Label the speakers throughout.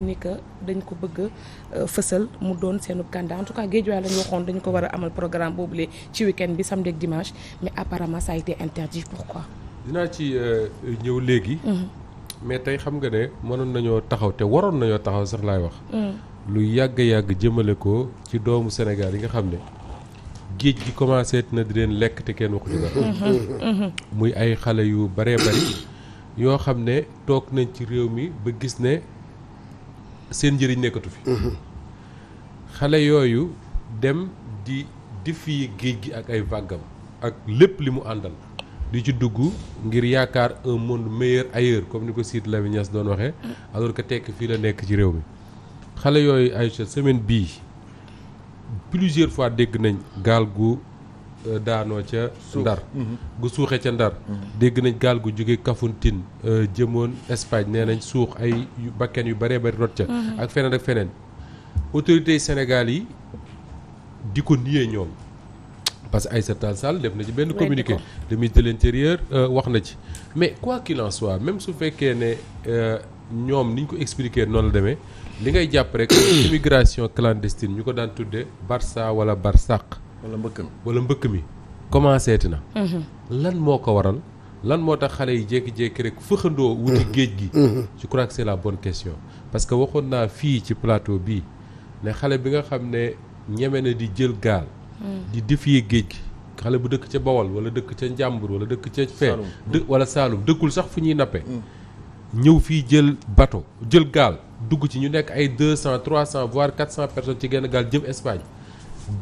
Speaker 1: ni que dañ ko bëgg euh, fësal mu doon seenu candidat en tout cas Guédiawaye lañu waxoon ko war a amal programme boobule ci week-end bi samedi ak dimanche mais apparemment
Speaker 2: dinaa ci euh, ñëw léegi. Mhm. mais tey xam nga ne mënoon nañoo taxaw te waroon nañoo taxaw sax laay wax. Mhm. lu yàgg yàgg jëmale ko ci doomu Sénégal yi nga xam ne géej gi commencé na di leen lekk te kenn waxuñu dara. Mhm. muy ay xale yu baree bari yoo xam ne toog nañ ci réew mi ba gis ne. seen njëriñ nekkatu fi. Mhm. xale yooyu dem di défier géej gi ak ay vaggam ak lépp li mu àndal. di ci dugg ngir yaakaar un monde meilleur ailleurs comme ni ko siit Lamine doon waxee. alors que tekk fii la nekk ci réew mi. xale yooyu ay semaine bii plusieurs fois dégg nañ gaal gu daanoo ca ndar mhm. gu suuxee ca ndar mhm. dégg nañ gaal gu jóge Kafountine euh, jëmoon Espagne nee nañ suux ay bakken yu bëree bëri rot ca mhm. ak feneen ak feneen autorités yi Sénégal yi di ko niyee ñoom parce que Aïssata Tall Sall def na ci benn communiqué le ministre de l'intérieur euh, wax na ci mais quoi qu'il en soit même su fekkee ne euh, ñoom ni ko expliqué noonu la demee li ngay jàpp rek immigration clandestine ñu ko daan tudde Barça wala Barsaq wala mbëkk mi wala mbëkk mi commencé ti na. Mhm. lan moo ko waral lan moo tax xale yi jékki-jékki rek fëxandoo. wuti mhm. géej gi. Mhm. je crois la bon question parce que waxoon naa fii ci plateau bii ne xale bi nga xam ne ñeme na di jël gaal. di défier géej gi. xale bu dëkk ca Bawol wala dëkk ca Njàmbur wala dëkk ca fee dë wala Saalum dëkkul sax fu ñuy nappe ñëw fii jël bateau jël gaal dugg ci ñu nekk ay deux cent trois cent voire quatre cent personnes ci genn gaal jëm Espagne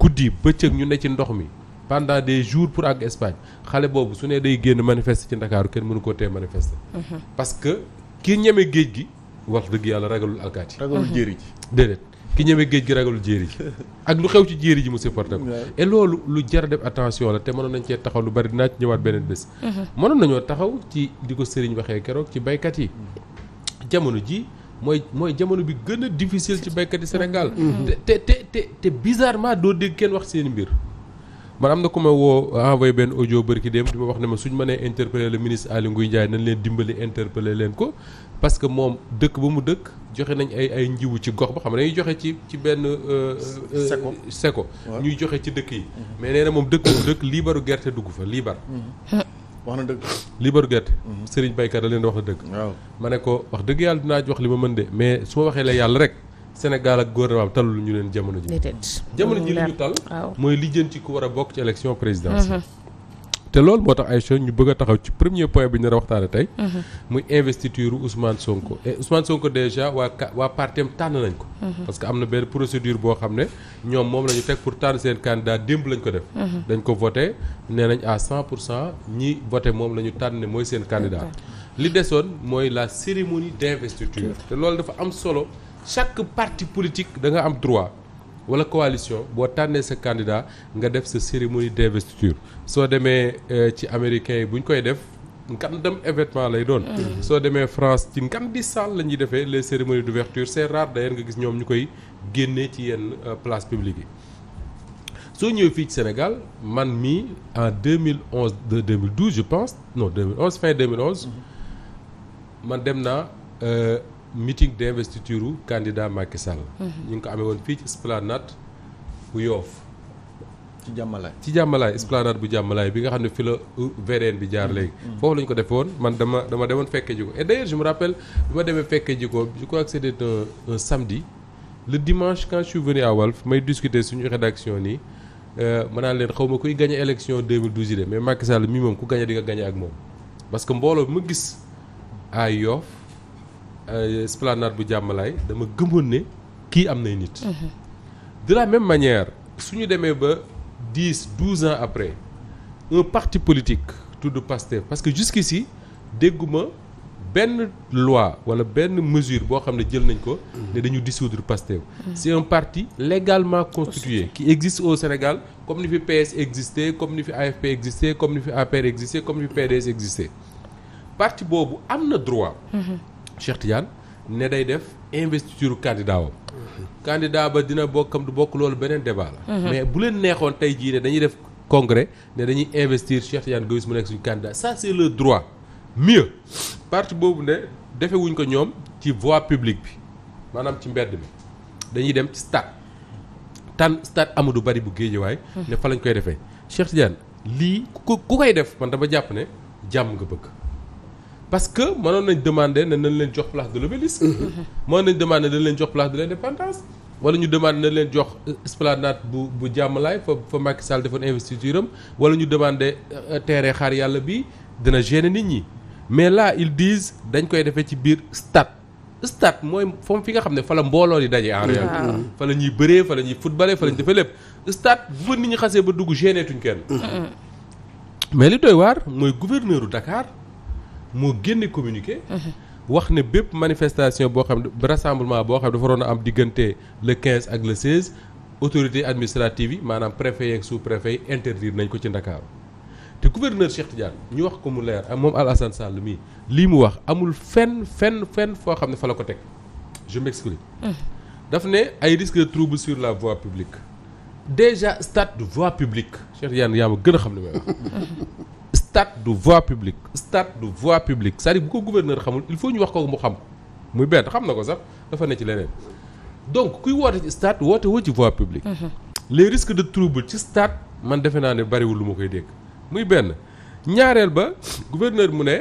Speaker 2: guddi bëccëg ñu ne ci ndox mi pendant des jours pour ak Espagne xale boobu su ne day génn manifester ci Ndakaaru kenn mënu koo tee manifester. Mhm. parce que ki ñeme géej gi wax dëgg yàlla ragalul alkaati. ragalul mhm. jéeri ji déedéet. ki ñëwee géej gi ragalul jéeri ji ak lu xew ci jéeri ji mu supporté ko et loolu lu jar def attention la te mënoon nañ cee taxaw lu bari dinaa ci ñëwaat beneen bés mhm. mënoon nañoo taxaw ci di ko sëriñ waxee keroog ci baykat yi mm. jamono ji mooy mooy jamono bi gën a difficile ci béykat yi Sénégal. Mm-hmm. te te te te doo dégg kenn wax seen mbir. man am na ko ma woo envoyé benn audio bari ki dem di ma wax ne ma suñ mënee interpeller le ministre Aly Ngouille Ndiaye nañ leen dimbali interpeller leen ko parce que moom dëkk ba mu dëkk joxe nañ ay ay njiwu ci gox ba xam ne dañuy joxe ci ci benn. Euh, euh, seko seko ñuy joxe ci dëkk yi. Mm-hmm. mais nee na moom dëkk bu dëkk liibaru gerte dugg fa liibar. Mm-hmm. wax na dëgg. li bëri gerte. sëriñ baykat da leen wax la dëgg. waaw ma ne ko wax dëgg yàlla dinaa ci wax li ma mën de mais su ma waxee la yàlla rek Sénégal ak góor gouvernement talul ñu leen jamono ji.
Speaker 1: jamono ji li ñu tal. mooy
Speaker 2: li jëm ci ku war a bokk ci élection présidentielle. Mm-hmm. te loolu moo tax Aïcha ñu bëgg a taxaw ci premier point bi ñu nar a waxtaane tey. Mhm. muy investiture Ousmane Sonko et Ousmane Sonko déjà waa ka waa partem tànn nañ ko. Mhm. parce que am na benn procédure boo xam ne ñoom moom lañu ñu teg pour tànn seen candidat démb lañ ko def. Mhm. dañ ko voté nee nañ à cent pour cent ñi voté moom la ñu tànn ne mooy seen candidat. li desoon mooy la cérémonie d' investiture. te loolu dafa am solo chaque parti politique da nga am droit. wala coalition boo tànnee sa candidat nga def sa cérémonie d'investiture soo demee euh, ci américain yi bu ñu koy def ngan dem événement lay doon mm. Mm. soo demee France ci ngan di salle la ñuy defee les cérémonies d'ouverture c'est rare d'ailleurs nga gis ñoom ñu koy génnee ci yenn euh, place publique yi soo ñëwee fii ci Sénégal man mii en 2011 de 2012 je pense non 2011 fin 2011 mm-hmm. man dem naa euh, meeting d' investiture u candidat Macky Sall. Mhm. ñu ngi ko amee woon fii ci esplanade bu yoof ci jàmmalaay ci jàmmalaay esplanade bu jàmmalaay bi nga xam ne filo la bi jaar mhm. léegi. foofu la ko defee woon man dama dama demoon fekkee et d' ailleurs je me bi ma demee fekkee ji ko je crois que c' était un, un samedi le dimanche quand je suis venu à Walf may discuter suñu rédaction nii euh, ma naan leen xaw ma kuy gagné élection de mais Macky Sall mii moom ku gagné di nga ak moom parce que mbooloo bi ma gis ay esplanade bu jàmmalaay dama gëmoon ne kii am nay nit. de la même manière su ñu demee ba dix douze ans après un parti politique tudd Pastef parce que si dégguma benn loi wala benn mesure boo xam ne jël nañ ko. ne dañu dissoudre Pastef. c'est un parti légalement constitué. qui existe au Sénégal comme ni fi PS existé comme ni fi AFP existé comme ni fi APR existé comme ni fi PDS existé parti boobu am na droit. Mm-hmm. Cheikh Tidiane ne day def investiture candidat wam candidat ba dina bokkam du bokk loolu beneen débat la mhm. mais bu leen neexoon tey jii ne dañuy def congrès ne dañuy investir Cheikh Tidiane Gomis mu nekk suñu candidat sa c'est le droit mieux parti boobu ne defewuñ ko ñoom ci voie publique bi maanaam ci mbedd mi dañuy dem ci stade tànn stade Amadou Barry bu Guédiawaye mhm. ne fa lañ koy defee Cheikh Tidiane lii ku koy def man dama jàpp ne jàmm nga bëgg parce que mënoon nañ demander ne nañ leen jox place de l'obélisque mmh. mënoon nañ demander ne leen jox place de l'indépendance wala ñu demande nañ leen jox esplanade bu bu jàmmalaay fa fa Macky Sall defoon investiture am wala ñu demandé euh, terrain xaar yàlla bi dina gêner nit ñi mais là ils disent dañ koy defee ci biir stat stade mooy foom fi nga xam ne fa la mbooloo di dajee en mmh. réalité mmh. fa la ñuy bëree fa la ñuy footballé fa la ñuy lépp stat bu fa nit ñi xasee ba dugg gêner tuñ kenn mais li doy mooy gouverneur u Dakar moo génne communiqué. Mhm. wax ne bépp manifestation boo xam ne rassemblement boo xam ne dafa waroon a am diggante le 15 ak le 16 autorité administrative yi maanaam préfet yeeg sous préfet yi interdire nañ ko ci Ndakaaru te gouverneur Cheikh Tidiane ñu wax ko mu leer ak ah, moom Alassane Sall mii lii mu wax amul fenn fenn fenn foo xam ne fa la ko teg je m'explique. Mhm. daf ne ay risque de trouble sur la voie publique déjà stade de voie publique Cheikh Tidiane yaa gën a xam li may wax. Mhm. stade du voie publique stade du voie publique cest bu ko gouverneur xamul il faut ñu wax ko mu xam muy benn xam na ko sax dafa ne ci leneen donc kuy woote ci stade woote woo ci voie publique mhm. les risques de trouble ci stade man defe naa ne bariwul lu ma koy dégg muy benn ñaareel ba gouverneur mu ne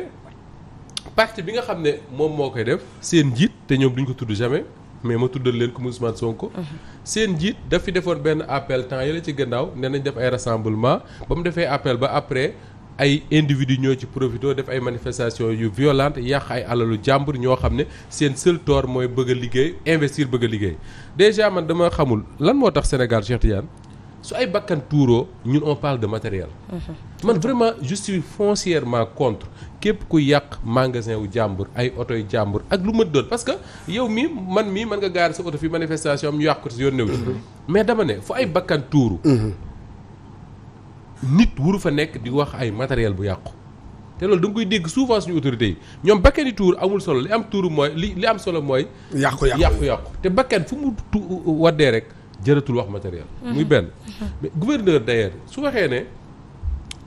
Speaker 2: parti bi nga xam ne moom moo koy def seen njiit te ñoom duñ ko tudd jamais mais ma tuddal leen comme Ousmane Sonko. Mhm. seen njiit daf defoon benn appel temps yële ci gannaaw nee nañ def ay rassemblement ba mu defee appel ba après ay individus ñoo ci profité def ay manifestations yu violentes yàq ay alalu jàmbur ñoo xam ne seen seul tort mooy bëgg liggéey investir bëgg liggéey déjà man dama xamul lan moo tax Sénégal Cheikh Tidiane su ay bakkan tuuroo ñun on parle de matériel. Mm-hmm. man vraiment je suis foncièrement contre képp ku yàq magasin wu jàmbur ay oto yu jàmbur ak lu mën doon parce que yow mii man mii man nga gaari sa oto fi manifestation am ñu ko si yoon néew mm-hmm. mais dama ne fu ay bakkan tuuru. Mm-hmm. nit wuru fa nekk di wax ay matériel bu yàqu te loolu da koy dégg souvent suñu autorité yi ñoom bakkani tour amul solo li am tuur mooy li li am solo mooy yàqu-yàqu yàqu-yàqu te bakkan fu mu tu waddee rek jëratul wax matériel mhm. muy benn mais gouverneur su waxee ne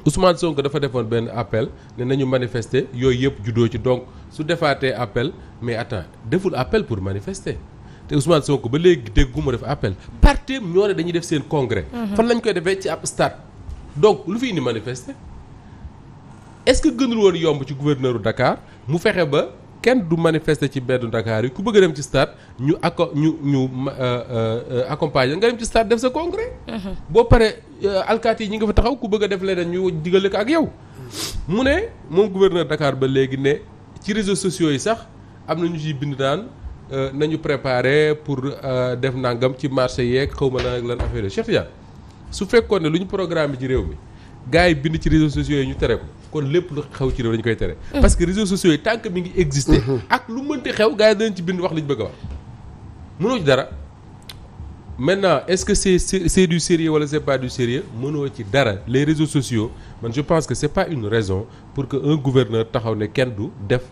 Speaker 2: Ousmane Sonko dafa defoon benn appel ne nañu manifester yooyu yëpp juddoo ci donc su defaatee appel mais attends deful appel pour manifester te Ousmane Sonko ba léegi déggu mu def appel parti ñoo ne def seen congrès mhm. fan lañ koy donc lu fi indi manifester est-ce que gënul woon yomb ci gouverneuru Dakar mu fexe ba kenn du manifeste ci beddu ndakaar yi ku bëgg a dem ci stade ñu ako ñu ñu euh, euh, accompagner nga dem ci stade def sa congrès. Mhm. boo paree euh, alkaati yi ñi nga fa taxaw ku bëgg a def leneen ñu digale ko ak yow. mu ne moom gouverneur Dakar ba léegi ne ci réseaux sociaux yi sax am na ñu ciy bind daan nañu préparer pour def nangam ci marché yeeg xaw ma lan ak lan affaire yi Cheikh su fekkoon ne lu ñu programme ci réew mi gars yi bind ci réseaux sociaux yi ñu tere ko kon lépp lu xew ci réew dañu koy tere. Mm-hmm. parce que réseaux sociaux yi tant que mi ngi exister. Mm-hmm. ak lu mënti xew gars yi dañ ci bind wax li bëgg a mënoo ci dara maintenant est-ce que c'est c'est, c'est du sérieux wala c'est pas du sérieux mënoo ci dara les réseaux sociaux man je pense que c'est pas une raison pour que un gouverneur taxaw ne kenn du def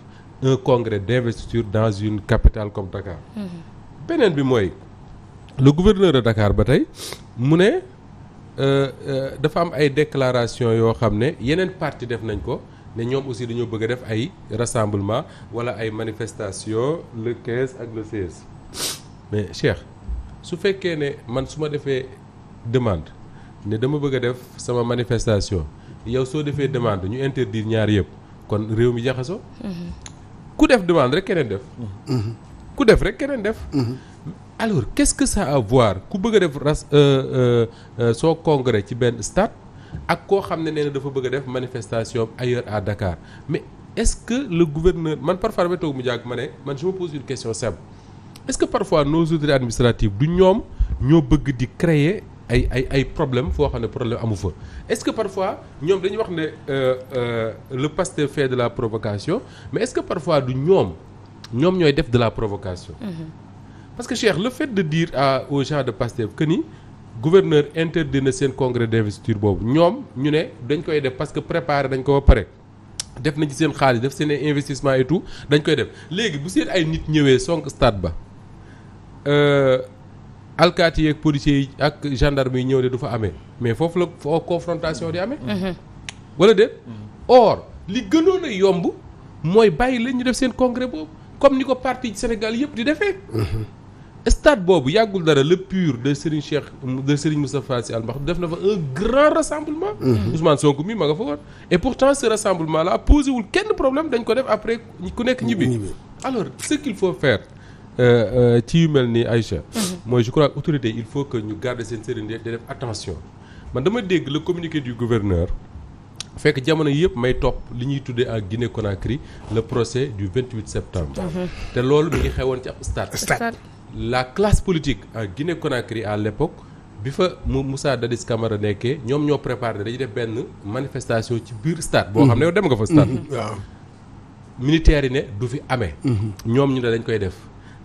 Speaker 2: un congrès d'investiture dans une capitale comme Dakar. Mm-hmm. bi mooy le Dakar ba tey Euh, euh, dafa am ay déclaration yoo xam ne yeneen parti def nañ ko ne ñoom aussi dañoo bëgg a def ay rassemblement wala ay manifestation le 15 ak le 16 mais Cheikh su fekkee ne man su ma defee demande ne dama bëgg a def sama manifestation yow soo defee demande ñu interdire ñaar yëpp kon réew mi jaxasoo mhm. ku def demande rek keneen def mhm. ku def rek keneen def mhm. alors qu'est-ce que ça a ku bëgg a def ras euh, euh, euh, soo congrès ci benn stade ak koo xam ne nee na dafa bëgg def manifestation ailleurs à Dakar mais est-ce que le gouverneur man parfois damay mu jàgg ma ne man je me pose une question simple est-ce que parfois nos autorités administratives du ñoom ñoo bëgg di créer ay ay ay problème foo xam ne problème amu fa est-ce que parfois ñoom dañuy wax ne le Pastef fait de la provocation mais est-ce que parfois du ñoom ñoom ñooy def de la provocation. Mm-hmm. parce que Cheikh le fait de dire au aux de Pastef que ni gouverneur interdit na seen congrès d'investiture boobu ñoom ñu ne dañ koy def parce que préparé dañ ko pare def nañ ci seen xaalis def seen investissement et dañ koy def léegi bu seen ay nit ñëwee sonk stade ba euh, alkaati yeeg policiers ak gendarme yi ñëw de du fa amee mais foofu la foo confrontation di amee. Mm-hmm. wala de mm-hmm. or li gënoon a yomb mooy bàyyi la ñu def seen congrès boobu comme ni ko parti Sénégal yëpp di defee. Mm-hmm. stade boobu yàggul dara le pur de Serigne Cheikh de Serigne Moustapha Sy Al Maktoum def na fa un grand rassemblement mm-hmm. Ousmane Sonko mi ma nga fa woon et ce rassemblement là posé wul kenn problème dañ ko def après ku nekk ñibbi alors ce qu'il faut faire euh, euh, ci yu mel ni Aïcha mm-hmm. mooy je crois autorité il faut que ñu garder seen sérénité de def attention man dama dégg le communiqué du gouverneur fekk jamono yëpp may topp li ñuy tuddee ak Guinée Conakry le procès du 28 septembre mm-hmm. te loolu mi ngi xewoon ci ab stade la classe politique en Guinée Conakry à l' bi fa mu Moussa Dadis Camara nekkee ñoom ñoo préparer dañuy def benn manifestation ci biir stade. boo xam ne yow dem nga fa stade. Mm-hmm. Mm-hmm. waaw militaires yi ne du fi amee. Mm-hmm. ñoom ñu ne dañ koy def.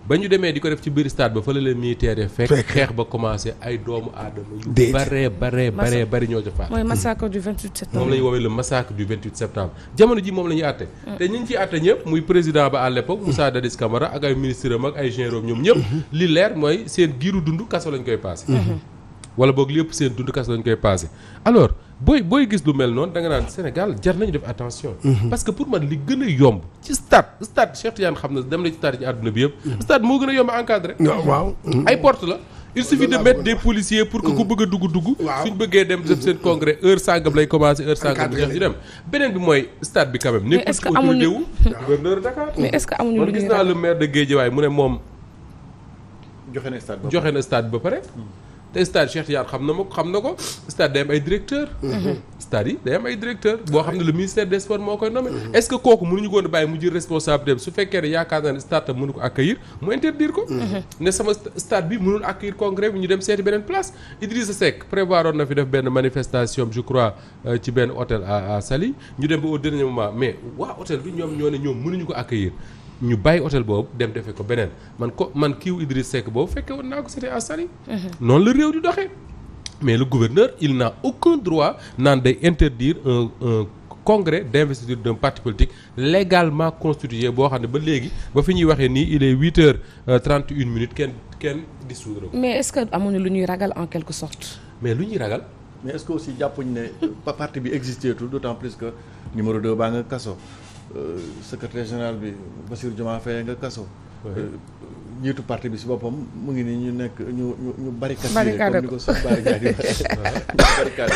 Speaker 2: ba ñu demee di ko def ci biir stade ba fa la leen militaire fekk xeex ba commencé ay doomu aadama yu baree baree baree bari ñoo ca faat mooy massacre
Speaker 1: du 28 septembre moom la ñuy woowee
Speaker 2: le massacre du 28 jamono ji moom la ñuy àtte mm. te ñu ngi ciy àtte ñëpp muy président ba à l'époque mm. Moussa Dadis Camara ak ay ministre am ak ay généraux ñoom ñëpp mm-hmm. li leer mooy seen giiru dund kaso lañ koy passé mm-hmm. wala boog lépp seen dund kaso lañ koy passé alors booy booy gis lu mel noonu da nga naan Sénégal jar nañu def attention. Mhm. parce que pour man li gën a yomb ci stade stade Cheikh Tidiane xam na dem nañ ci stade àdduna bi yëpp. Mhm. stade moo gën a yomb a encadré. Ah, waaw mhm. ay porte la. il suffit de mettre des policiers pour que ku bëgg a dugg dugg. suñ bëggee dem def seen congrès heure sàngam lay commencé heure sàngam bu jeex ñu dem. beneen bi mooy stade bi quand même. mais est ce que amuñu nekkul gouverneur Dakar. mais est ce que amuñu man gis naa le maire de Guédiawaye mu ne moom. joxe na stade ba pare te stade Cheikh Tidiane xam na ma xam na ko stade day am ay directeur mhm. stade yi day am ay directeur boo xam ne le ministère des sports moo koy nommé mhm. est-ce mu kooku mënuñu koon bàyyi mu jël responsabilité su fekkee ne yaakaar naa ne stade tam mënu ko accueillir mu interdire ko mhm. ne sama stade bi mënul accueillir congrès bi ñu dem seeti beneen place Idrissa Seck prévoir oon na fi def benn manifestation je crois euh, ci benn hôtel à Saly ñu dem ba au dernier moment mais waa hôtel bi ñoom ñoo ne ñoom mënuñu ko accueillir ñu bàyyi hôtel boobu dem defee ko beneen man ko man kiiw Idriss Seck boobu fekkee woon naa ko c'était à Saly mhm. noonu la réew di doxee mais le gouverneur il n'a aucun droit naan day interdire un un congrès d'investiture d'un parti politique légalement constitué boo xam ne ba léegi ba fi ñuy waxee nii il est huit heures euh, trente une minutes kenn
Speaker 3: kenn dissoudre ko
Speaker 1: mais est-ce que lu ñuy ragal en quelque sorte
Speaker 3: mais lu ñuy ragal mais est-ce que jàppuñ ne parti bi existé tout d'autant plus que numéro deux Euh, secrétaire général bi Bassirou Diomaye Faye nga kaso. Euh, jiitu parti bi si boppam mu ngi nii ñu nekk ñu ñu ñu barricade. barricade comme ni ko suuf barricade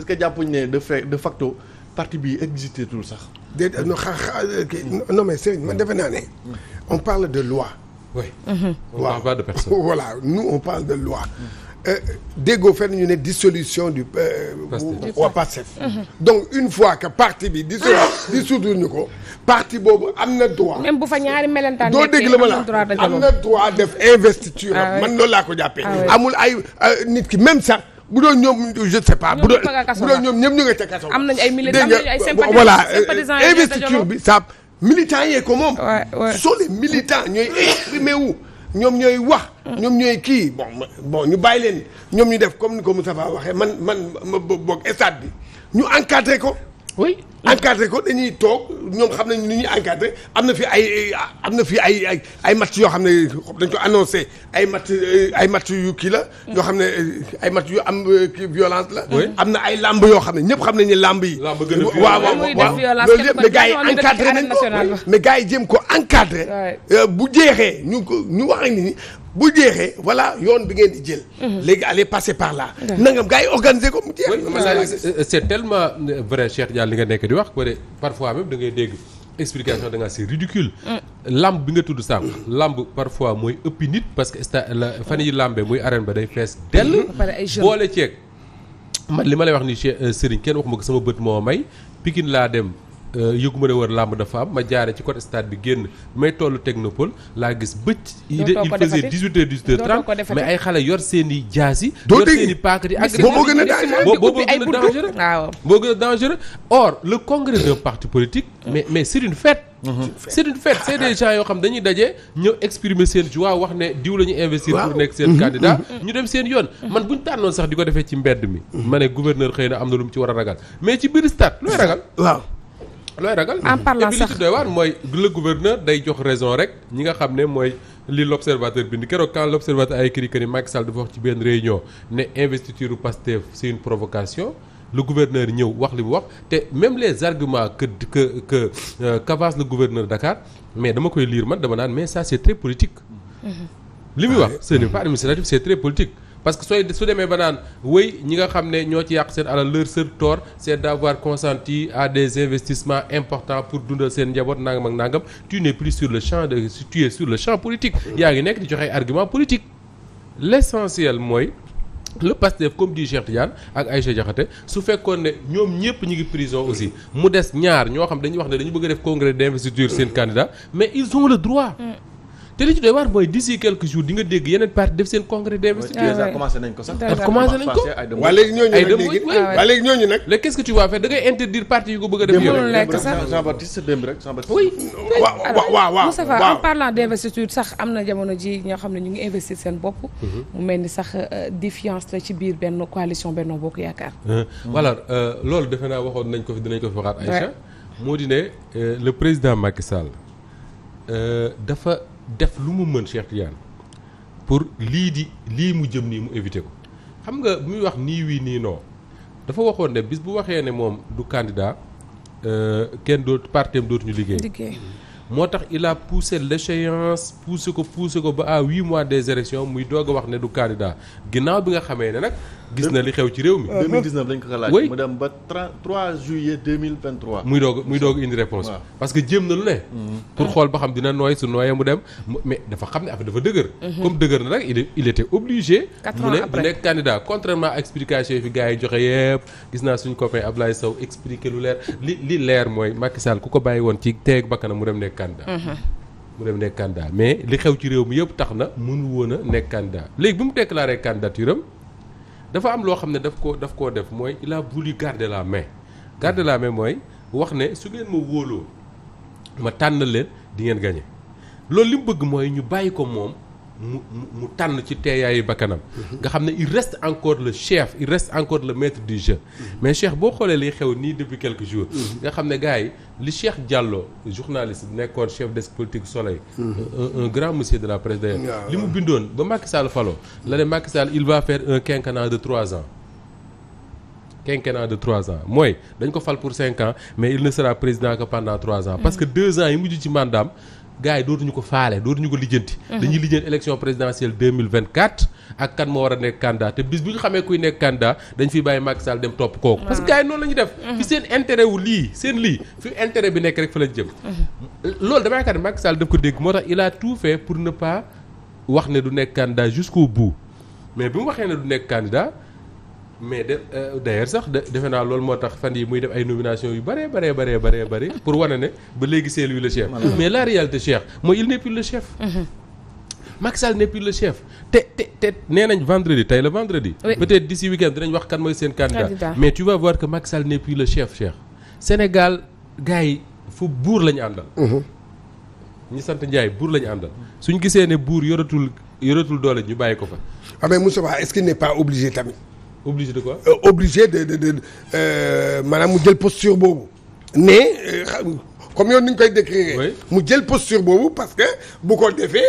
Speaker 3: est que jàppuñ ne de fait facto parti bi existé tul sax. déedéet non xaa non mais Serigne man defe naa ne. on parle de loi. oui. Mhm.
Speaker 2: on de personne. voilà
Speaker 3: nous on parle de loi. Mhm. Euh, déggoo fenn ñu ne dissolution du. Euh, Pastef waa Pastef. Mm-hmm. donc une fois que parti bi dissoudre ñu ko. parti boobu am na droit. même
Speaker 1: bu fa ñaari melentaan doo dégg la ma la am na
Speaker 3: droit def investiture ah man loolu laa ko jàppee. Ah amul ay euh, nit ki même sax. bu doon ñoom je ne sais pas ñoom ñëpp ñu nga te kaso am na ay militants am nañ ay sympathisants voilà investiture bi ça militants yee ko moom. waaw waaw soo les militants ñooy wu. ñoom ñooy wax. ñoom ñooy kii bon bon ñu bàyyi leen ñoom ñu def comme ni ko Moustapha waxee man man ma boog stade bi ñu encadré ko. oui encadré ko dañuy toog ñoom xam nañ ni ñuy encadré am na fi ay am na fi ay ay ay match yoo xam ne dañ ko annoncé ay match euh, ay match yu kii la. yoo xam ne ay match yu am euh, violence la. am na ay làmb yoo xam ne ñëpp xam nañ ne làmb yi. làmb gën a waaw waaw loolu yëpp mais gars yi encadré nañ ko mais gars yi jéem ko encadré. Euh, bu jeexee ñu ko ñu wax nit ñi bu jeexee voilà yoon bi ngeen di jël. Mhm. léegi allez passer par la nangam gars yi organiser ko mu jeex.
Speaker 2: Euh, c'est tellement euh, vrai Cheikh li nga nekk di wax ko de parfois même da ngay dégg explication da nga c'est ridicule. Mm. lamb bi nga tudd sànq. lamb parfois mooy ëppi nit parce que sta fan yi lambee muy arène ba day fees dell.
Speaker 1: Mm-hmm.
Speaker 2: boole ceeg man li ma lay wax ni Cheikh euh, Serigne kenn waxuma ko sama bët moo may Pikine laa dem. Euh, yëguma ne war làmb dafa am ma jaare ci côté stade bi génn may tollu technopole laa gis bëcc il faisait 18 heures 18 heures 30 mais ay xale yor seen i jaas yi yor seen i paaka di agressé ah, boo gën a dangereux or le congrès d'un parti politique mais mais c'est une fête mm-hmm. c'est une fête c'est des gens yoo xam dañuy daje ñëw exprimer seen joie wax ne diw la ñu investir pour nekk seen mm-hmm. candidat mm-hmm. ñu dem seen yoon man bu tànnoon sax di ko defee ci mbedd mi ma ne gouverneur xëy na am na lu mu ci war a ragal mais ci biir stade looy ragal waaw looy ragal. en sax et bi li ci doy waar mooy le gouverneur day jox raison rek ñi nga xam ne mooy li l' observateur bind keroog quand l' observateur a écrit que ni Macky Sall dafa wax ci benn réunion ne investiture Pastef c' est une provocation. le gouverneur ñëw wax li mu wax te même les arguments que que que euh, qu'avance le gouverneur Dakar mais dama koy lire man dama naan mais ça c' est très politique. Mhm. li muy wax ce n' est pas administratif c' est très politique. parce que sooy su demee ba naan wéy ñi nga xam ne ñoo ci yàq seen alal leur seul tort c'est d'avoir consenti à des investissements importants pour dundal seen njaboot nangam ak nangam tune n'es plus sur le champ de tu es sur le champ politique yaa ngi nekk di joxe argument politique l'essentiel mooy le Pastef comme dit Cheikh ak Aïcha Diakhaté su fekkoon ne ñoom ñëpp ñu ngi prison aussi mu des ñaar ñoo xam dañuy wax ne dañu bëgg def congrès d'investiture seen candidat mais ils ont te li ci doy waar mooy d'ici quelques jours di dégg yeneen parti def seen congrès d'investiture waa léegi ñooñu nag léegi waa léegi ñooñu nag interdire parti yu ko bëgg
Speaker 1: def sax am na jamono ji ñoo xam ne ñu ngi investir seen bopp mhm. mu mel ni sax euh, défiance la ci biir benn coalition Benno Bokk Yaakaar
Speaker 2: mhm. voilà euh, loolu defe naa waxoon nañ ko fi dinañ ko fi waxaat Aïcha moo di ne euh, le président Macky Sall dafa def lu mu mën Cheikh Tidiane pour lii di lii mu jëm nii mu éviter ko xam nga bu muy wax nii wii nii noo dafa waxoon ne bis bu waxee ne moom du candidat euh, kenn dootu partem dootuñu liggéey. liggéey moo tax il a poussé l'échéance ko poussé ko ba à huit mois des élections muy doog wax ne du candidat ginnaaw bi nga xamee ne nag. gis na li xew ci réew mi. 2019 euh, lañ ko ko laaj. mu
Speaker 3: dem ba 3 juillet 2023. muy doog muy doog indi réponse
Speaker 2: parce que jéem na lu ne. Mhm. pour xool ba xam dina nooy su nooyee mu dem mais dafa xam ne affaire dafa dëgër. Mhm. comme dëgër na nag il il était obligé. 4 ans mu ne nekk candidat contrairement explication yi fi gars yi joxe yëpp gis naa suñu copain Ablaye Sow expliqué lu leer li li leer mooy Macky Sall ku ko bàyyi woon ci teeg bakkanam mu dem nekk candidat. Mhm. mu dem mais li xew ci réew mi yëpp tax na mënu woon a nekk candidat léegi bi mu déclaré candidature am dafa am loo xam ne daf ko daf koo def mooy il a voulu garder la main garder la main mooy wax ne su ngeen ma wóoloo ma tànn leen di ngeen gañe loolu li bëgg mooy ñu bàyyi ko moom mu mu tànn ci teeyaay teeyaayu bakkanam mm-hmm. nga xam ne il reste encore le chef il reste encore le maître du jeu mm-hmm. mais Cheikh boo xoolee liy xew nii depuis quelques jours mm-hmm. nga xam ne gars yi li Cheikh Diallo journaliste nekkoon chef desk politique Soleil. Mhm. un grand monsieur de la presse d'ailleurs li mu bindoon ba Macky Sall falo la ne Macky Sall il va faire un quinquennat de trois ans. quinquennat de trois ans mooy dañ ko fal pour cinq ans mais il ne sera président que pendant trois ans. parce que mm. deux ans yi mujj ci mandaam gars yi dootuñu ko faale dootuñu ko lijjanti. Mhm. dañuy lijjanti élection présidentielle deux mille vingt quatre ak kan moo war a nekk candidat te bis bu ñu xamee kuy nekk candidat dañ fi bàyyi Macky Sall dem topp kooku. parce que gars noonu la def. Mhm. fi seen intérêt wu lii seen lii fi intérêt bi nekk rek fa lañ jëm. Mhm. loolu damaa yaakaar ne Macky Sall daf ko dégg moo tax il tout fait pour ne pas wax ne du nekk candidat jusqu'au bout mais bi mu waxee ne du nekk candidat. mais de euh, d'ailleurs sax de defe naa loolu moo tax fan yi muy def ay nomination yu bëree bëree bëree bëree bëri pour wane ne ba léegi c'est lui chef mais la réalité chef mooy il n'est plus le chef mhm. Macky Sall le chef te te te nee nañ vendredi tey le vendredi peut-être d'ici week-end dinañ wax kan mooy seen candidat mais tu vas voir que Macky Sall n'est plus le chef chef Sénégal gars yi fu buur lañu àndal mhm. ñi sant Ndiaye buur lañu àndal suñ gisee ne buur yoratul yoratul doole ñu
Speaker 3: bàyyi ko fa ah mais Moustapha est-ce qu'il obligé de ko euh, obligé de de de euh, maanaam mu jël posture boobu. ne euh, comme yoon ni ñu koy décrire. mu jël posture boobu parce que bu ko defee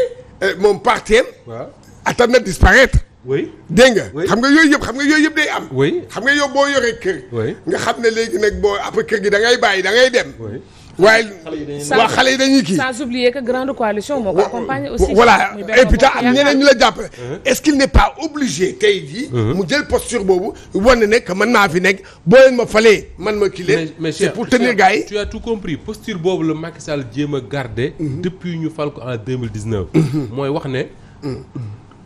Speaker 3: moom parteem. waaw attan na disparaître. oui dégg nga. xam nga yooyu yëpp xam nga yooyu yëpp day am. oui xam nga yow boo yoree kër. nga xam ne léegi nag boo après kër gi dangay ngay bàyyi da ngay dem. waaye waa xale yi dañuy kii
Speaker 1: sans oublier que grande ko accompagné aussi voilà et puis am
Speaker 3: ñeneen ñu la jàpp uh-huh. est-ce qu'il n'est pas obligé tey jii uh-huh. mu jël posture boobu wane ne que man maa fi nekk boo leen ma falee man ma kii leen mais c'est pour tenir gars yi
Speaker 2: tu as posture boobu la Macky Sall jéem a garde garder uh-huh. depuis ñu fal ko en 2019 mooy wax ne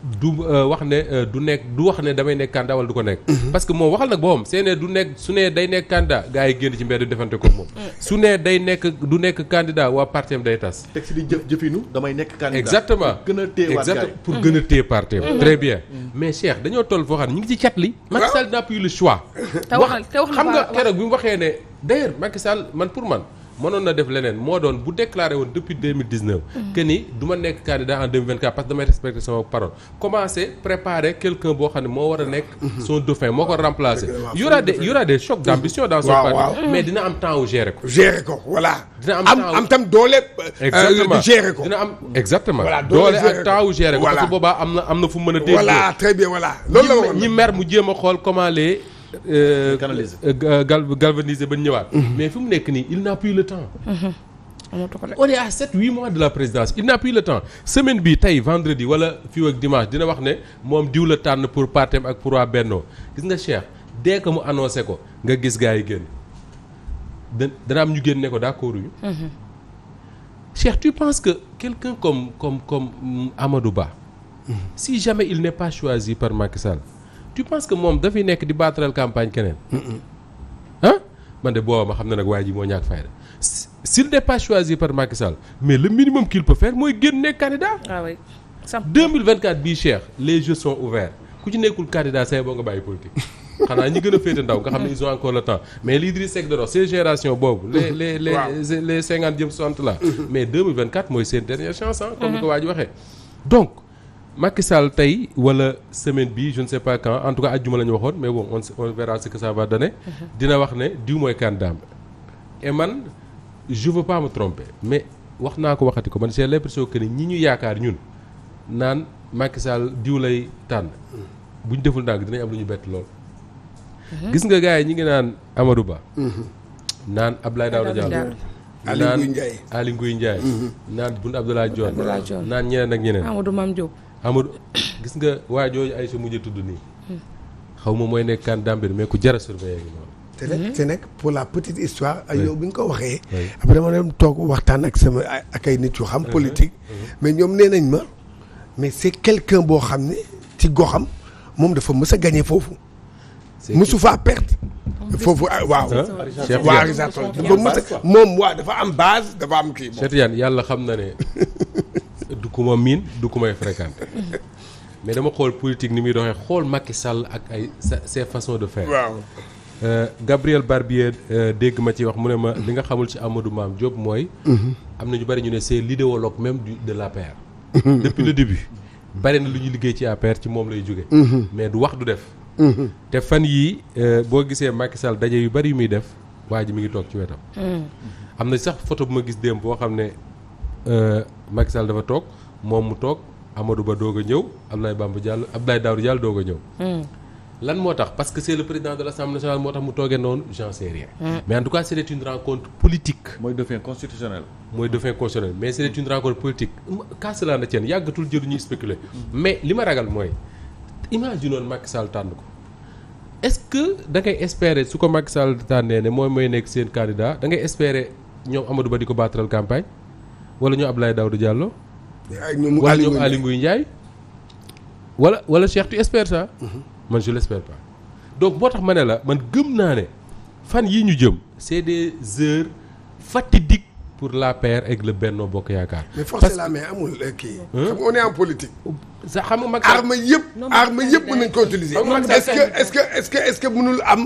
Speaker 2: du euh, wax ne euh, du nekk du wax ne damay nekk candidat wala du ko nekk. Mhm. parce que moom waxal nag boobam see du nekk su ne day nekk candidat gars yi génn ci mbedd defante ko moom. Mm. su ne day nekk du nekk candidat waa parti am day tas. teg si di jëfinu damay nekk. candidat exactement gën a téye exactement pour gën a téye mm. parti am. Mm-hmm. très bien mm-hmm. mais Cheikh dañoo toll foo xam ne ñu ngi ci cat li. waaw Macky Sall n'a plus le choix. te xam nga keroog bi mu waxee ne d'ailleurs Macky Sall man pour man. mënoon na def leneen moo doon bu déclaré woon depuis 2019 mm. que ni du ma nekk candidat en 2024 parce que damay respecté sama parole commencé préparer quelqu'un boo xam ne moo war a nekk son dauphin moo ko remplacer y aura des y aura des chocs d'ambition dans son mais dina am temps wu gérer ko gérer ko voilà dina am am doole euh, exactement euh, gérer ko doole ak temps wu gérer ko parce que boobaa am na am na fu mën a dégg voilà très mu jéem a xool comment Euh, canaliser euh, galvaniser ba ñëwaat. Mhm. mais fi mu nekk nii il n'a plus le temps. Mhm. on est à 7 8 mois de la présidence il n'a plus le temps semaine bi tey vendredi wala fii ak dimanche dina wax ne moom diw tànn pour partem ak pour waa Bennoo gis nga Cheikh dès que mu annoncé ko nga gis gars yi génn da am ñu génn ne ko d'accord ñu. Mhm. Cheikh tu penses que quelqu'un comme comme comme Amadou Ba. si jamais il n'est pas choisi par Macky tu penses que moom dafay nekk di baataral campagne keneen. ah man de booba ma xam ne nag waa ji moo ñàkk fayda s'il n'est pas choisi par Macky mais le minimum qu'il peut mooy génn nekk candidat. ah oui 2024 bii Cheikh les jeux sont ouverts ku ci nekkul candidat say boo nga bàyyi politique. xanaa ñi gën a féete ndaw nga xam ne ils ont encore le temps mais li Idriss Seck doon seen génération boobu. les mm-hmm. les les les jëm soixante là. Mm-hmm. mais 2024 mooy seen dernière chance ah. comme ni mm-hmm. Macky Sall tey walla semaine bii je ne sais pas quand en tout cas ajjuma la ñu waxoon mais bon on on verra ce que ça va uh-huh. dina wax ne diw mooy candidat et man je veux pas me tromper mais wax naa ko waxati ko man j'ai l'impression que ni ñi ñu yaakaar ñun naan Macky Sall diw lay tànn buñ ñu deful ndànk dinañ am lu ñu bett lool. Uh-huh. gis nga gars yi ñi ngi naan Amadou Ba. Uh-huh. naan Abdoulaye Daouda Diallo. Aly Ngouille Ndiaye naan Aly Ngouille Ndiaye. naan Boun Abdallah Dionne. naan ñeneen ak ñeneen. Amadou Mame Diop. Amadou gis nga waa ay sa mujj tudd xaw ma mooy nekk kan dambir mais ku jar a surveiller
Speaker 3: te nag te nag pour la petite histoire. yow bi nga ko waxee. après ma dem toog waxtaan ak sama ak ay nit yu xam uh-huh. politique. Uh-huh. mais ñoom nee nañ ma mais c'est quelqu'un boo xam ne ci goxam moom dafa mës a gagné foofu. mësu faa perte. foofu ah, waaw. Cheikh Tidiane waaw moom waaw dafa am base dafa am kii. Cheikh
Speaker 2: Tidiane yàlla xam na ne ku ma miin du ku may fréquenté mais dama xool politique ni muy doxee xool Macky Sall ak ay ses façons de faire. waaw euh, Gabriel Barbier euh, dégg ma ci wax mu ne ma li nga xamul ci Amadou Mame Diop mooy. Mhm. am na ñu bari ñu ne c'est l'idéologue même du de l'APR. Mhm. depuis le début. bari na lu ñu liggéey ci APR ci moom lay jóge mhm. mais du wax du def. te fan yii euh, boo gisee Macky Sall daje yu bari yu muy def waa ji mi ngi toog ci wetam. Mm. am na sax photo bu ma gis démb boo xam ne Macky Sall dafa toog. moom mu toog Amadou Ba doog a ñëw Abdoulaye bu Diallo Abdoulaye Daouda Diallo jàll a ñëw. Hmm. lan moo tax parce que c' est le président de l' assemblée nationale moo tax mu toogee noonu j' en sais rien. Hmm. mais en tout cas c' est une rencontre politique. mooy dauphin constitutionnel. mais c' est une rencontre politique qu'à cela ne tienne yàggatul jëruñuy spéculer. Hmm. mais li ma ragal mooy imaginoon Macky Sall tànn ko est ce que da ngay espérer su ko Macky Sall tànnee ne mooy mooy nekk seen candidat da ngay espérer ñoom Amadou Ba di ko baataral campagne wala ñoo Abdoulaye Daouda Diallo.
Speaker 3: wala ñoom Aly
Speaker 2: Ngouille Ndiaye wala wala Cheikh tu espères ça mhm. man je l'espère pas donc moo tax ma ne la man gëm naa ne fan yi ñu jëm c'est des heures fatidiques pour l'APR ak le Benno Bokk Yaakaar.
Speaker 3: mais la main amul euh, kii. xam nga on sa xam nga Macky arme yëpp. arme yëpp mën nañ ko utiliser. est-ce que est-ce que est-ce que est am.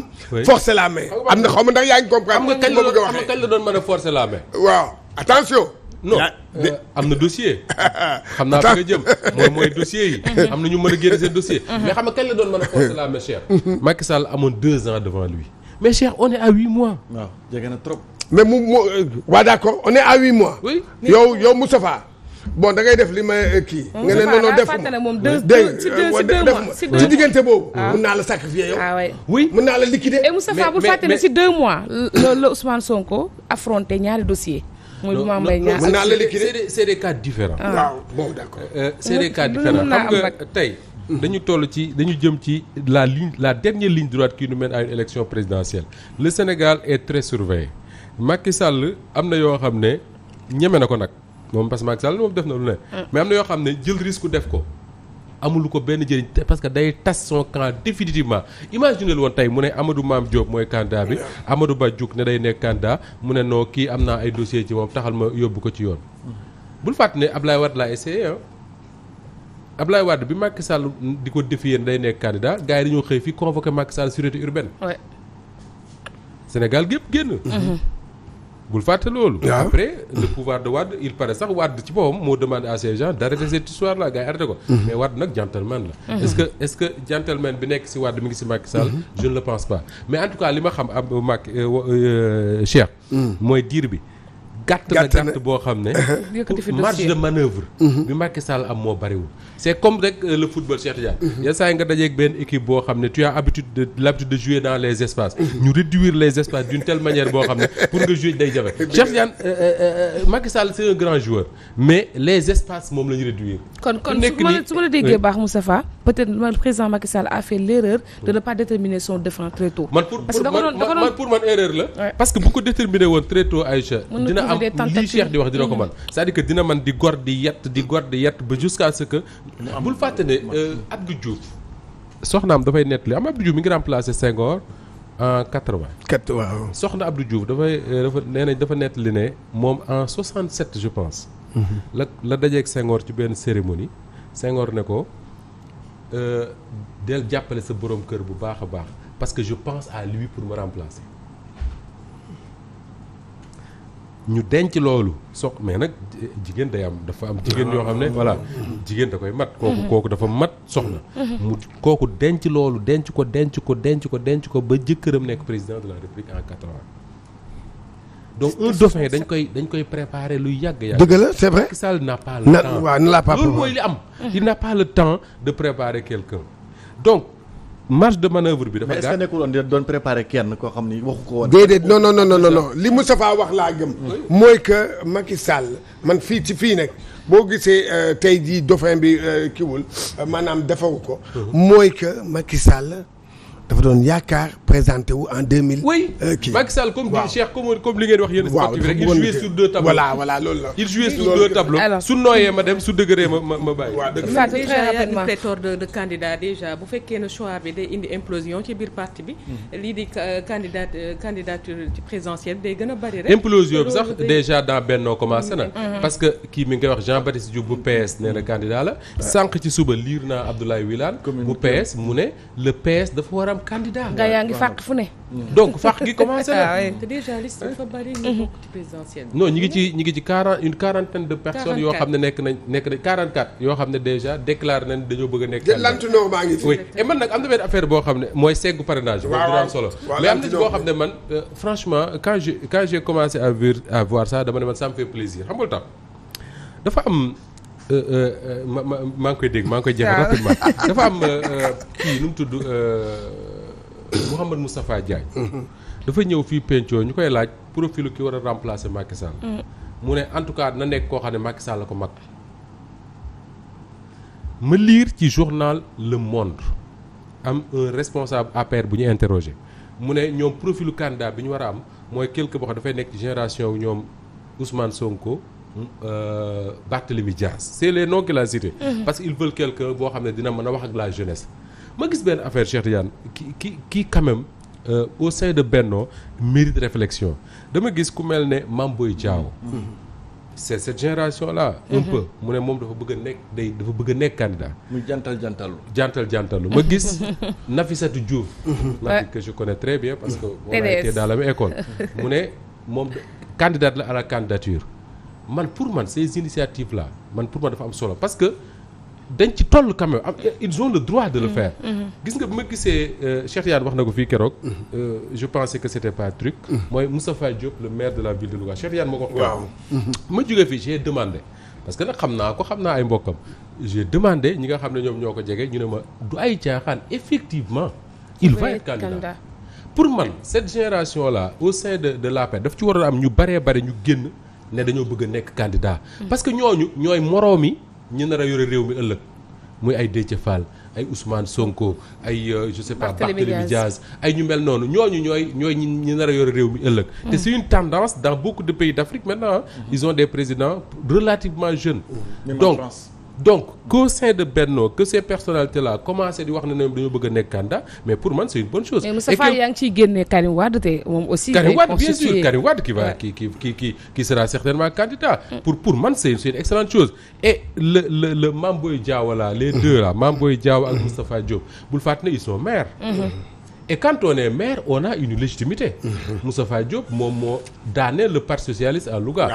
Speaker 3: na xaw ma ndax yaa ngi comprendre. xam nga kañ la doon nga
Speaker 2: kañ la doon mën a forcer la main.
Speaker 3: waaw attention.
Speaker 2: non euh, am na dossier. xam naa fa nga jëm mooy mooy dossier yi. Mhm. am na ñu mën a génne seen dossier. Mhm. mais xam nga kañ la doon mën a forcer la mes chers. Macky Sall amoon deux ans devant lui. mes chers à huit mois.
Speaker 3: waaw jege na trop. mais mu mu euh, waa d' accord on est à huit mois. oui yow yow Moustapha bon da ngay def li ma euh, kii. Mhm. nga ne non non def moom ci diggante boobu. Ah. mën naa la sacrifier yow. Ah, oui mën naa la liquider. mais mais et Moustapha bu fàttali si
Speaker 1: deux mois. la Ousmane Sonko affronté ñaari dossier muy bu Mame Mbaye Niang mën naa la
Speaker 2: liquider c'est des cas différents ah. euh, waaw bon d'accord euh, nga tey dañu toll ci dañu jëm ci la ligne la dernière ligne droite qui nous mène à une élection présidentielle le Sénégal et très surveillé Macky Sall am na yoo xam ne ñeme na ko nag moom parce que Sall moom def na lu ne ah. mais am na yoo xam ne jël risque def ko amul ko benn jëriñ parce que day tas son camp définitivement imaginez woon tey mu ne Amadou Mame Diop mooy kandaa bi Amadou Ba Diouk ne day nekk candidat mu ne noo kii am naa ay dossier ci moom taxal ma yóbbu ko ci yoon bul fàtte ne Ablaye Wade laa essayé ah Ablaye Wade bi Macky Sall di ko défier ne day nekk candidat gars yi dañoo xëy fii convoqué Macky Sall sûreté urbaine Sénégal gépp génn mm-hmm. bul fàtte loolu. après le pouvoir de Wade il paraît sax Wade ci boppam moo demandé à ces gens d' arrêter cette histoire là gars yi arrêté ko. Mhm. mais Wade nag gentleman la. Mhm. est que est ce que gentleman bi nekk si Wade mi ngi si Macky Sall. Mhm. je le pense pas mais en tout cas li ma xam ab Macky euh, euh, Cheikh. mooy diir bi. gàtt na gàtt boo xam ne. marge de manœuvre. Mhm. bi Macky am moo bariwul. c' comme rek euh, le football Cheikh Tidiane. Mhm. saa yi nga dajeeg benn équipe boo xam ne tu habitude de l' de jouer dans les espaces. Mhm. ñu réduire les espaces d' telle manière boo xam ne pour nga jouer day jafe. Cheikh Tidiane euh, euh, Macky un grand joueur mais les espaces moom la réduire.
Speaker 1: kon kon su ma la déggee baax Moustapha peut être président Macky Sall a
Speaker 2: de ne des tentatives lii Cheikh di wax dina ko mm-hmm. man sa à dire que dina man di gor di yett di gor di yett ba jusqu'à ce que bul fàtte ne euh, Abdou Diouf soxnaam dafay nettali am Abdou Diouf mi ngi remplacé Senghor en 80. 80 waaw soxna Abdou Diouf dafay euh, dafa nee nañ dafa nettali ne moom en 67 je pense. Mm-hmm. la la dajeeg sengor ci benn cérémonie Senghor ne ko euh, del jàppale sa borom kër bu baax a baax parce que je pense à lui pour me remplacer. ñu denc loolu sox mais nag jigéen day am dafa am jigéen yoo xam ne ah, voilà jigéen da koy mat kooku mhm. kooku dafa mat soxna mhm. mu kooku denc loolu denc ko denc ko denc ko denc ko ba jëkkëram nekk président de la république en quatre-vingt donc un dañ koy dañ koy préparer lu yàgg yàgg. dëgg la c'est vrai Macky n'a pas le temps waaw na la pas loolu mooy li am mhm. il n'a pas le temps de préparer
Speaker 3: quelqu'un donc marge de manœuvre bi dafa gàtt mais est-ce que nekkul woon doon préparer kenn koo xam ni waxu ko woon. déedéet non non non non non li Moustapha wax laa gëm. mooy que Macky Sall man fii ci fii nag boo gisee euh, tey jii dauphin bi euh, kiwul euh, maanaam defawu ko. mooy que Macky Sall. dafa doon yaakaar présenté wu en deux mille. oui
Speaker 2: euh, Macky Sall comme dit Cheikh comme comme li ngeen wax yéen sportif sur deux tableaux. su nooyee ma dem su dëgëree ma ma bàyyi. déjà
Speaker 1: y a une pléthore de de candidats déjà bu fekkee mm-hmm. euh, euh, day gën a bari rek. implosion bi sax déjà
Speaker 2: dans Benno commencé na. Mm-hmm. parce que kii mi ngi koy wax Jean-Baptiste Diouf bu PS nee na la. sànq ci suba liir naa Abdoulaye Wilane. bu PS mu ne le PS dafa war ab candidat nga yaa ngi fàq fu ne. Mm. donc fàq gi commencé na. Ah,
Speaker 1: te déjà liste dafa bari ñu bokk ci présidentielle.
Speaker 2: non ñi ngi ci ñi ngi ci quarante une quarantaine de personnes. yoo xam ne nekk nañ nekk nañ 44. yoo xam ne déjà déclaré nañ dañoo bëgg a nekk. candidat lantinor maa ngi fi. oui et man nag am na benn affaire boo xam ne mooy seggu parrainage. waaw waaw waaw solo mais am na ci boo xam ne man. Euh, franchement quand j'ai quand j'ai commencé à voir à voir ça dama ne man ça me fait plaisir xam nga lu tax dafa am. Euh, euh, ma ma maa ngi koy dégg maa ngi koy jeexal rapidement dafa am kii nu mu tudd Mouhamed Moustapha Diagne. Mm-hmm. dafa ñëw fii Pencoo ñu koy laaj profilu ki war a remplacer Macky mm. mu ne en tout cas na nekk koo xam ne Macky Sall la ko mag. ma lire ci journal Le Monde am un responsable APR bu ñu interroger mu ne ñoom profilu candidat bi ñu war a am mooy quelque boo xam dafay nekk génération ñoom Ousmane Sonko. Euh, Barthélemy Diaz c'est les noms qu'il a cités. Mm-hmm. parce qu'ils veulent quelqu'un boo xam ne dina mën a wax ak la jeunesse. ma gis benn affaire Cheikh Tidiane ki ki kii quand même euh, au sein de Benno mérite réflexion dama gis ku mel ne Mame Boye Diao c'est cette génération la un mhm. peu mu ne moom dafa bëgg a nekk day dafa bëgg a nekk candidat muy jantal jantalu jantal jantalu ma gis Nafissatou Diouf mhm. Nafi que je connais très bien parce que on a été dans la école mu ne moom candidate la à la man pour man ces initiatives là man pour man dafa am solo parce que dañ ci toll quand même ils ont le droit de le mm-hmm. faire. Mm-hmm. gis nga bu ma gisee euh, Cheikh wax na ko fii keroog. Mm-hmm. Euh, je pensais que c' était pas truc. mooy Moustapha Diop le maire de la ville de Louga Cheikh Yane ko wax. ma jógee fii j'ai demandé. parce que nag xam naa ko xam naa ay mbokkam j'ai demandé ñi nga xam ne ñoom ñoo ko jege ñu ne ma du ay caaxaan effectivement. il va être pour man cette génération là au sein de de l'APR daf ci waroon am ñu baree bare ñu génn ne dañoo bëgg a nekk candidat. Mm. parce que ñooñu ñooy moroomi. ñu nar a yore réew mi ëllëg muy ay Déthié Fall ay Ousmane Sonko ay euh, je sais pas ay ñu mel noonu ñooñu ñooy ñooy ñi nar a yore réew mi ëllëg mm. te c'est une tendance dans beaucoup de pays d'Afrique maintenant mm. ils ont des présidents relativement jeunes mm. donc donc qu'au sein de Benno que ces personnalités là commencé di wax na ne dañoo bëgg a nekk candidat mais pour man c'est une bonne chose. mais Moussa Fall
Speaker 1: yaa ngi ciy génne Karim te moom aussi. Karim bien sûr Karim Wade qui va
Speaker 2: qui qui qui qui sera certainement candidat. Mm. pour pour man c'est une excellente chose. et le le le Mame les deux là Mame Boye Diao ak Moustapha Diop bul fàttali ne ils sont maires. Mm-hmm. et quand on est maire on a une légitimité. Mhm. Moustapha Diop moom moo daaneel le parti socialiste à Louga.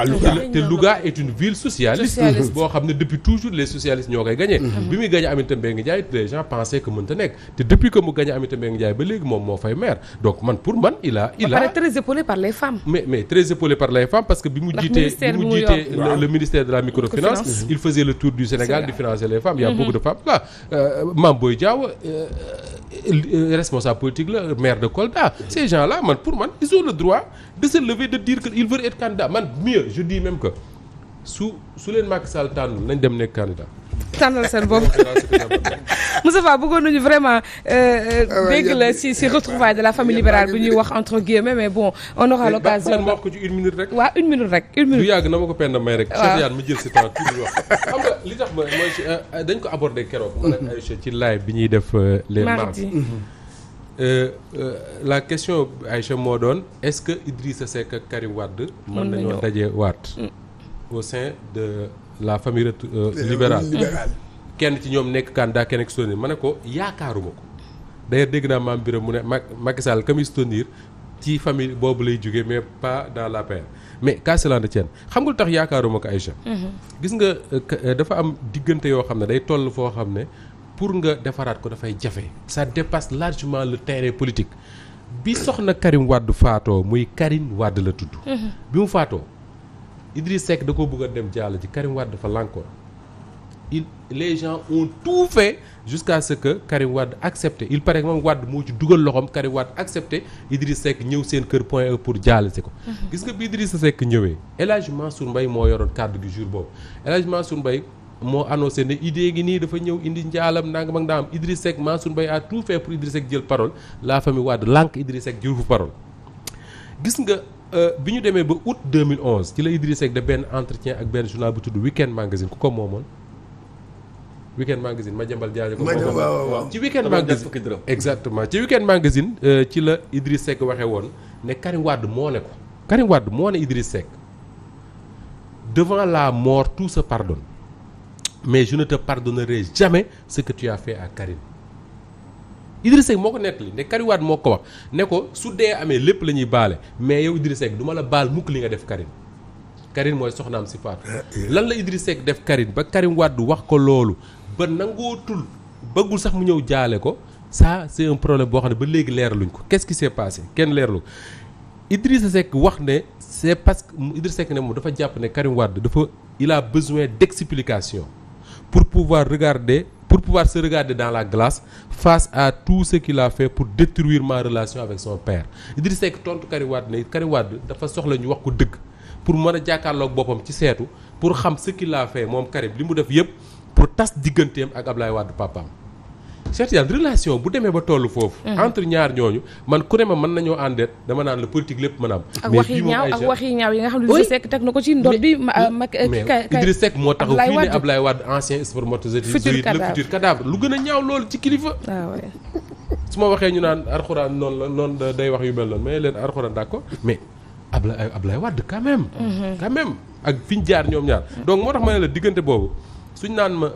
Speaker 2: te Louga est une ville socialiste. boo xam ne depuis toujours les socialistes ñoo koy gagné. Mhm. bi muy gagné Aminata Mbengue Ndiaye les gens pensaient que mënta nekk te depuis que mu gagné Aminata Mbengue Ndiaye ba léegi moom moo fay maire donc man pour man il a. il a
Speaker 1: très épaulé par les femmes.
Speaker 2: mais mais très épaulé par les femmes parce que bi mu jiitee bi mu jiitee la microfinance. Mhm. a responsable politique la maire de Kolda ces gens la man pour man ils ont le droit de se lever de diir que ils veulent être candidat man mieux je dis même que su su leen Macky Sall tànnul nañ dem nekk candidat tànnal seen bopp
Speaker 1: Moustapha bëggoon nañu vraiment euh, euh, ah dégg la si si de la famille libérale bu ñuy wax entre
Speaker 2: guillemets mais bon on aura l'occasion ma wax ko ci une minute rek waaw yàgg na ma ko penda may rek Cheikh Yane mi jël si temps tuuti wax xam nga li tax ma euh, dañ ko abordé keroog ci live bi ñuy def les mardis la question Aïcha moo doon que Idrissa Seck ak Karim Wade mën nañoo dajee waat mm. la famille euh, euh, libérale kenn ci ñoom nekk candidat kenn ak soutenir ma ne ko yaakaaruma ko d'ailleurs dégg naa maam Birame mu ne mag Sall ka muy soutenir ci famille boobu lay jóge mais pas dans la paix mais qu'à cela xam nga lu tax yaakaaruma ko Aïcha mhm. gis nga euh, dafa am diggante yoo xam ne day toll foo xam ne pour nga defaraat ko dafay jafe ça dépasse largement le terrain politique bi soxna Karim Wade faatoo muy Karim Wade la tudd mhm. bi mu faatoo Idriss Seck da ko bëgg a dem jàll ji Karim Wade dafa lànkoon il les gens ont tout fait jusqu'à ce que Karim Wade accepté il paraît que moom wadd moo ci dugal loxoom Karim Wade accepté Idriss Seck ñëw seen kër point e pour jàll si ko. Mhm. gis nga bi Idriss Seck ñëwee El Hadj Mansour mbay moo yoroon cadre gi jour boobu El Hadj Mansour Mbaye moo annoncé ne idée gi nii dafa ñëw indi njaalam nangam ak ndaam Idriss Seck Mansour Mbaye a tout fait pour Idriss Seck jël parole la famille Wade lànk Idriss Seck jël fu parole gis nga. Euh, bi ñu demee ba août 2011 ci la Idriss Seck de benn entretien ak benn journal bu tudd Weekend Magazine ku ko moomoon Weekend Magazine Madiambal Diagne ko moomoon ci Weekend Magazine exactement ci Weekend Magazine euh, ci la Idriss Seck waxee woon ne Karim Wade moo ne ko Karim Wade moo ne Idriss Seck devant la mort tout se pardonne mais je ne te pardonnerai jamais ce que ak as Idrissa Seck moo ko nekk li ne Karim moo ko wax ne ko su dee amee lépp la ñuy baale mais yow Idrissa Seck duma la baal mukk li nga def Karim Karim mooy soxnaam si faatu eh, eh. lan la Idrissa Seck def Karim ba Karim Wade wax ko loolu ba nangootul bëggul sax mu ñëw jaale ko ça c'est un problème boo xam ne ba léegi leeraluñ ko qu'est-ce qui s'est passé kenn leerlu ko Idrissa Seck wax ne c'est parce que Idrissa Seck ne moom dafa jàpp ne Karim Wade dafa il a besoin d'explication pour pouvoir regarder pour pouvoir se regarder dans la glace face à tout ce qu'il a fait pour détruire ma relation avec son père Idriss Seck tontu Karim Wade ne Karim dafa soxla ñu wax ko dëkk pour mën a jàkkaarloog boppam ci seetu pour xam ce qu'il moom Karim li mu def yëpp pour tas digganteem ak Ablaye Wade papaam Cheikh Tidiane relation bu demee ba tollu foofu. Mhm. entre ñaar ñooñu man ku ne ma mën nañoo àndeet dama naan la politique lépp mën a ak wax yi
Speaker 1: ñaaw yi nga xam ne Idrissa Seck teg na ko ci ndox bi. ma kay mais euh, euh, Idrissa Seck moo taxaw fii ne Ablaye
Speaker 2: Wade ah, ma waxee ñu naan arxuraan noonu la noonu day wax yu mel noonu mais leen arxuraan d'accord mais. Ablaye euh, Ablaye Wade quand même. Mhm. quand même ak fi ñu jaar ñoom ñaar. donc moo tax ma ne la diggante boobu suñ naan ma